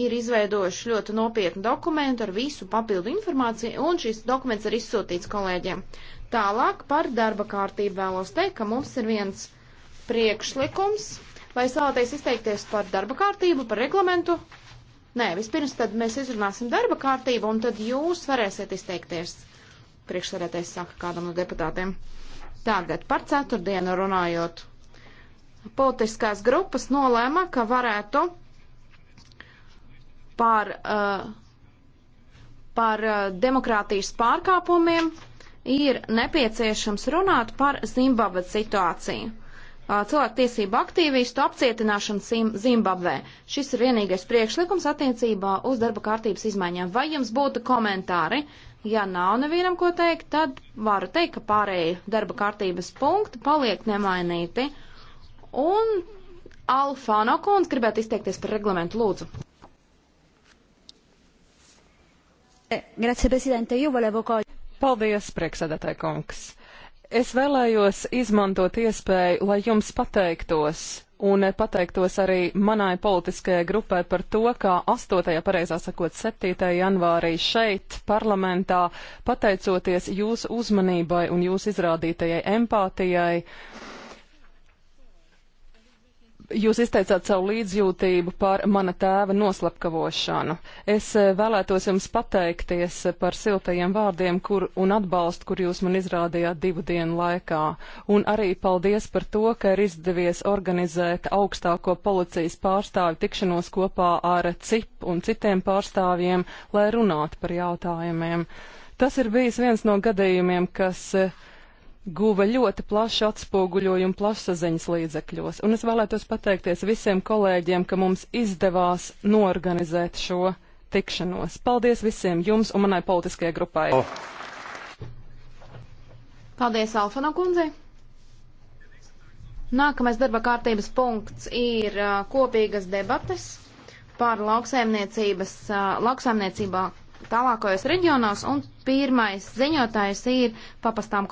ir izveidojuši ļoti nopietnu dokumentu ar visu papildu informāciju, un šis dokuments ir izsūtīts kolēģiem. Tālāk par darba kārtību vēlos teikt, ka mums ir viens priekšlikums. Vai es vēlaties izteikties par darba kārtību, par reglamentu? Nē, vispirms tad mēs izrunāsim darba kārtību, un tad jūs varēsiet izteikties. Priekšsarētais saka kādam no deputātiem. Tagad par ceturtdienu runājot. Politiskās grupas nolēma, ka varētu par, uh, par uh, demokrātijas pārkāpumiem, ir nepieciešams runāt par Zimbabves situāciju. Uh, Cilvēktiesību aktīvistu apcietināšanu Zimbabvē. Šis ir vienīgais priekšlikums attiecībā uz darba kārtības izmaiņām. Vai jums būtu komentāri? Ja nav nevienam ko teikt, tad varu teikt, ka pārējie darba kārtības punkti paliek nemainīti. Un Alfāno kundze gribētu izteikties par reglamentu lūdzu. Eh, grazie, prezidente, jau volevo ko. Paldies, priekšsēdētāji kungs. Es vēlējos izmantot iespēju, lai jums pateiktos un pateiktos arī manai politiskajai grupai par to, kā 8. pareizā sakot 7. janvārī šeit parlamentā, pateicoties jūsu uzmanībai un jūsu izrādītajai empātijai, Jūs izteicāt savu līdzjūtību par mana tēva noslapkavošanu. Es eh, vēlētos jums pateikties par siltajiem vārdiem kur, un atbalstu, kur jūs man izrādījāt divu dienu laikā. Un arī paldies par to, ka ir izdevies organizēt augstāko policijas pārstāvju tikšanos kopā ar CIP un citiem pārstāvjiem, lai runātu par jautājumiem. Tas ir bijis viens no gadījumiem, kas eh, guva ļoti plašu atspoguļojumu plašsaziņas līdzekļos, un es vēlētos pateikties visiem kolēģiem, ka mums izdevās norganizēt šo tikšanos. Paldies visiem jums un manai politiskajai grupai. Paldies, Alfano kundzei. Nākamais darba kārtības punkts ir uh, kopīgas debates par lauksaimniecības, uh, lauksaimniecībā tālākajos reģionos, un pirmais ziņotājs ir papastāmkos